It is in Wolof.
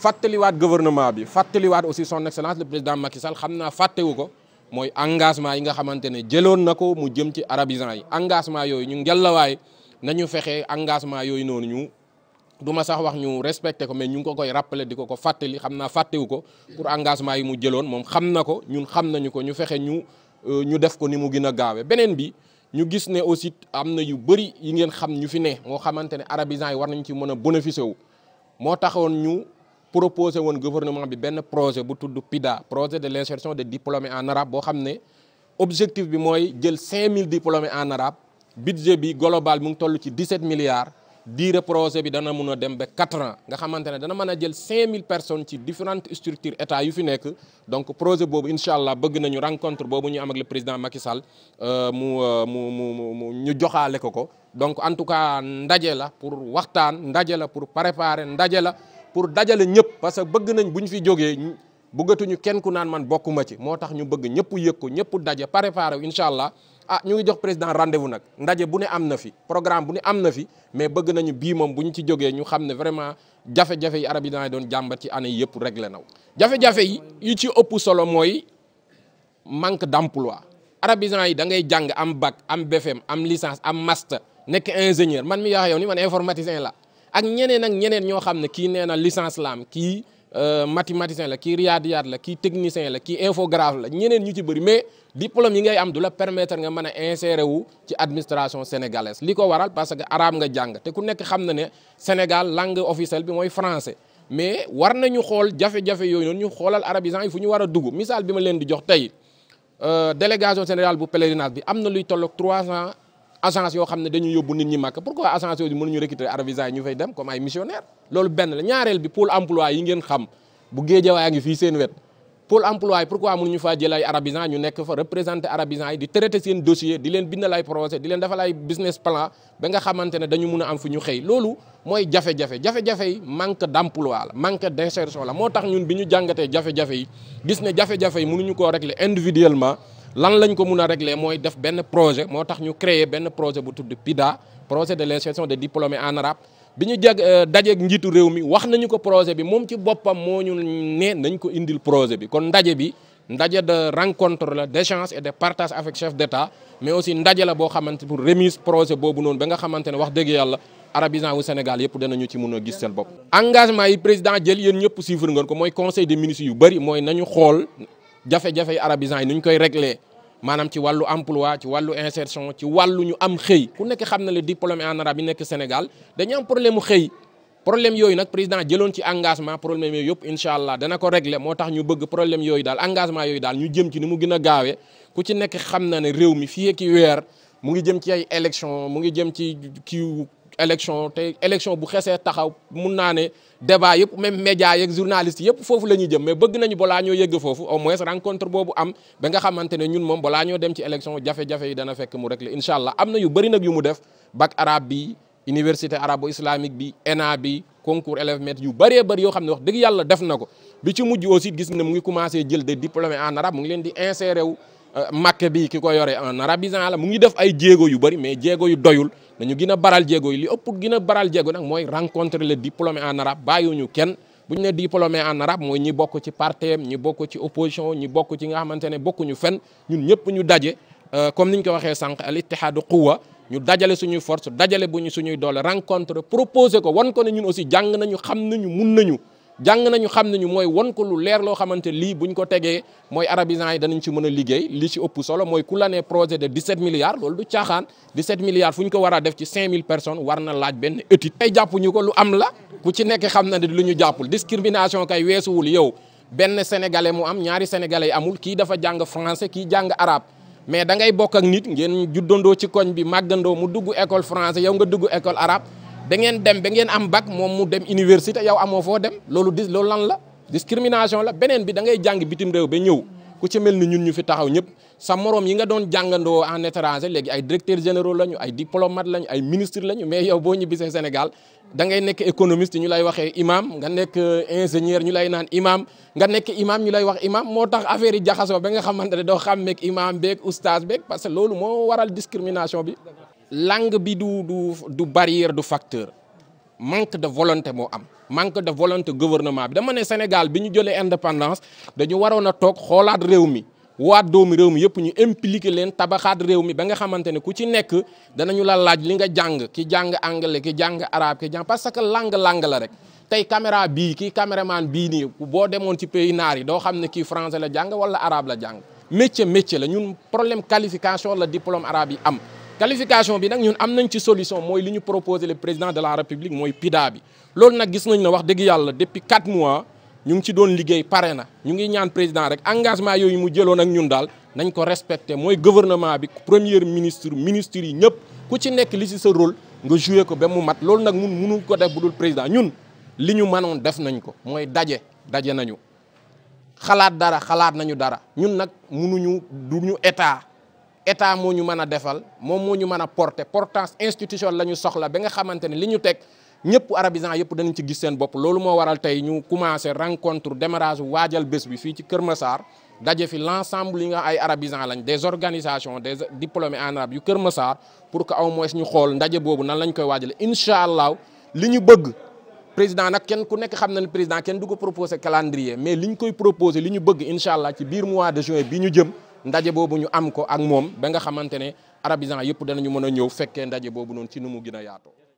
fàttaliwaat gouvernement bi fàttaliwaat aussi son excellence le président Macky Sall xam naa fàttewu ko mooy engagement yi nga xamante ne jëloon na ko mu jëm ci arabisants yi engagement yooyu ñu ngelawaay nañu fexe engagement yooyu noonu ñu du ma sax wax ñu respecté ko mais ñu ngi ko koy rappelé di ko ko fàttali xam naa fàttewu ko pour engagement yi mu jëloon moom xam na ko ñun xam nañu ko ñu fexe ñu euh, ñu def ko ni mu gën a gaawee beneen bi ñu gis ne aussi am na yu bëri yi ngeen xam ñu fi ne moo xamante ne arabisants yi war nañ ci mën a bénéficier wu moo taxoon ñu proposé woon gouvernement bi benn projet bu tudd PIDA projet de l'insertion des diplômés en arabe boo xam ne objectif bi mooy jël 5000 diplômés en arabe budget bi global mu ngi toll ci 17 milliards diire projet bi dana mun a dem ba 4 ans nga xamante ne dana mën a jël 5000 personnes ci différentes structures état yu fi nekk donc projet boobu incha allah bëgg nañu rencontre boobu ñu am ak le président Macky euh, euh, mu mu mu mu ñu joxaale ko ko donc en tout cas ndaje la pour waxtaan ndaje la pour préparer ndaje la. pour dajale ñëpp parce que bëgg nañ bu ñu fi jógee bëggatuñu kenn ku naan man bokkuma ci moo tax ñu bëgg ñëpp yëg ko ñëpp daje préparé wu incha allah ah ñu ngi jox président rendez-vous nag ndaje bu ne am na fi programme bu ne am na fi mais bëgg nañu bii moom bu ñu ci jógee ñu xam ne vraiment jafe-jafe yi arabidans yi doon jàmbat ci année yëpp réglé naw jafe-jafe yi yu ci ëpp solo mooy manque d'emploi arabidans yi da ngay jàng am bac am BFM e am licence am master nekk ingénieur man mi wax yow ni man la ak ñeneen ak ñeneen ñoo xam ne kii nee na laam la am kii euh, mathématicien la kii riyaadiyaat la kii technicien la kii infographe la ñeneen ñu ci bëri mais diplôme yi ngay am du la permettre nga mën a insérer wu ci administration sénégalaise li ko waral parce que arabe nga jàng te ku nekk xam na ne Sénégal langue officielle bi mooy français mais war nañu xool jafe-jafe yooyu noonu ñu xoolal arabisans yi fu ñu war a dugg misaal bi ma leen di jox tey euh, délégation générale bu pèlerinage bi am na luy tolloog 300. agence yoo xam ne dañu yóbbu nit ñi màkk pourquoi agence yooyu mënuñu recruter ara visa yi ñu fay dem comme ay missionnaire loolu benn la ñaareel bi pôle emploi yi ngeen xam bu géejawaay ngi fii seen wet pôle emploi yi pourquoi mënuñu faa jël ay arabisants ñu nekk fa représenter arabisants yi di traiter seen dossier di leen bindal ay projet di leen defal business plan ba nga xamante ne dañu mun am fu ñu xëy loolu mooy jafe-jafe jafe-jafe manque d'emploi la manque d'insertion la moo tax ñun bi ñu jàngatee jafe-jafe gis ne jafe yi mënuñu koo régler individuellement lan lañ ko mun a régler mooy def benn projet moo tax ñu créer benn projet bu tudd PIDA projet de l'insertion des diplômés en arabe bi ñu jeg euh, dajeeg njiitu réew mi wax nañu ko projet bi moom ci boppam moo ñu ne nañ ko indil projet bi kon ndaje bi ndaje de rencontre la d'échange et de partage avec chef d'État mais aussi ndaje la boo xamante pour remise projet boobu noonu ba nga xamante ne wax dëgg yàlla arabisant wu Sénégal yëpp danañu ci mun a gis seen bopp engagement yi président jël yéen ñëpp suivre ngeen ko mooy conseil des yu bëri mooy nañu xool jafe-jafe yu yi nu ñu koy réglé maanaam ci wàllu emploi ci wàllu insertion ci wàllu ñu am xëy ku nekk xam na le diplômé en arabe yi nekk Sénégal dañu am problème mu xëy problème yooyu nag président jëloon ci engagement problème yooyu yëpp incha allah dana ko réglé moo tax ñu bëgg problème yooyu daal engagement yooyu daal ñu jëm ci ni mu gën a gaawee ku ci nekk xam na ne réew mi fii ak weer mu ngi jëm ci ay élection mu ngi jëm ci kii élection te élection bu xesee taxaw mun naa ne débat yëpp même média yeeg journaliste foofu la jëm mais bëgg nañu balaa ñoo yëgg foofu au moins rencontre boobu am ba nga xamante ne ñun moom balaa ñoo dem ci élection jafe-jafe dana fekk mu réglé incha allah am na yu bëri nag yu mu def bac arabe bi université arabo islamique bi ENA bi concours élèves yu bëree bëri yoo xam ne wax dëgg yàlla def na ko bi ci mujj aussi gis mu ngi commencé jël des di Euh, Màkka bi ki ko yore en arabisant la mu ngi def ay jéego yu bëri mais jéego yu doyul nañu gën a baral jéego yi li ëpp gën a baral jéego nag mooy rencontrer les diplômés en arabe bàyyiwuñu kenn bu ñu ne diplômé en arabe mooy ñi bokk ci partem ñi bokk ci opposition ñi bokk ci nga xamante ne bokkuñu fenn ñun ñëpp ñu daje euh, comme ni ñu ko waxee sànq al ittihaadu quwa ñu dajale suñuy force dajale bu ñu suñuy doole rencontre proposé ko wan ko ne ñun aussi jàng nañu xam nañu mun nañu jàng nañu xam nañu mooy won ko lu leer loo xamante lii buñ ko tegee mooy arabisants yi danañ ci mën a liggéey li ci ëpp solo mooy ku la ne projet de 17 milliards loolu du caaxaan 17 milliards fu ñu ko war a def ci 5000 personnes war na laaj benn étude. tey ñu ko lu am la ku ci nekk xam na ne lu ñu jàppul discrimination kay weesuwul yow benn sénégalais mu am ñaari sénégalais yi amul kii dafa jàng français kii jàng arab mais da bokk ak nit ngeen juddandoo ci koñ bi màggandoo mu dugg école français yow nga dugg école arabe. da ngeen dem ba ngeen am bac moom mu dem université yow amoo foo dem loolu dis loolu lan la discrimination la beneen bi da ngay jàng bitim réew ba ñëw ku ci mel ni ñun ñu fi taxaw ñëpp sa moroom yi nga doon jàngandoo en étranger léegi ay directeurs généraux lañu ay diplomate lañu ay ministre lañu mais yow boo ñibbisee Sénégal da ngay nekk économiste ñu lay waxee imam nga nekk euh, ingénieur ñu lay naan imam nga nekk imam ñu lay wax imam moo tax affaire yi jaxasoo ba nga xamante ne doo xam meeg imam beeg oustaz beeg que loolu moo waral discrimination bi langue bi du du du barrière du facteur manque de volonté moo am manque de volonté gouvernement bi dama ne Sénégal bi ñu jëlee indépendance dañu waroon a toog xoolaat réew mi waat doomi réew mi yëpp ñu impliqué leen tabaxaat réew mi ba nga xamante ne ku ci nekk danañu la laaj li nga jàng ki jàng anglais ki jàng arabe ki jàng parce que langue langue la rek tey caméra bii kii caméraman bii nii boo demoon ci pays naar yi doo xam ne kii français la jàng wala arabe la jàng métier la ñun problème qualification la diplôme arabe yi am qualification bi nag ñun am nañ ci solution mooy li ñu proposé le président de la république mooy PIDA bi loolu nag gis nañ ne wax dégg yàlla depuis 4 mois ñu ngi ci doon liggéey pare na ñu ngi ñaan président rek engagement yooyu mu jëloon ak ñun daal nañ ko respecté mooy gouvernement bi premier ministre ministre yi ñëpp ku ci nekk li ci sa rôle nga joué ko ba mu mat loolu nag mun mënu ko def bu dul président ñun li ñu manoon def nañ ko mooy daje daje nañu xalaat dara xalaat nañu dara état moo ñu mën a defal moom moo ñu mën a porter portance institution la ñu soxla ba nga xamante ne li ñu teg ñëpp arabisants yëpp danañ ci gis seen bopp loolu moo waral tey ñu commencé rencontre démarrage waajal bés bi fii ci Kër Massar daje fi l'ensemble yi nga ay arabisants lañ des organisations des diplômés en arabe yu Kër Massar pour que au moins ñu xool ndaje boobu nan lañ koy waajal incha allah li ñu bëgg président nag kenn ku nekk xam na ne président kenn du ko proposé calendrier mais liñ koy proposé li ñu bëgg incha allah ci biir mois de juin bi ñu jëm ndaje boobu ñu am ko ak moom ba nga xamante ne arabisants yëpp danañu mën a ñëw fekkee ndaje boobu noonu ci nu mu gën a yaatoo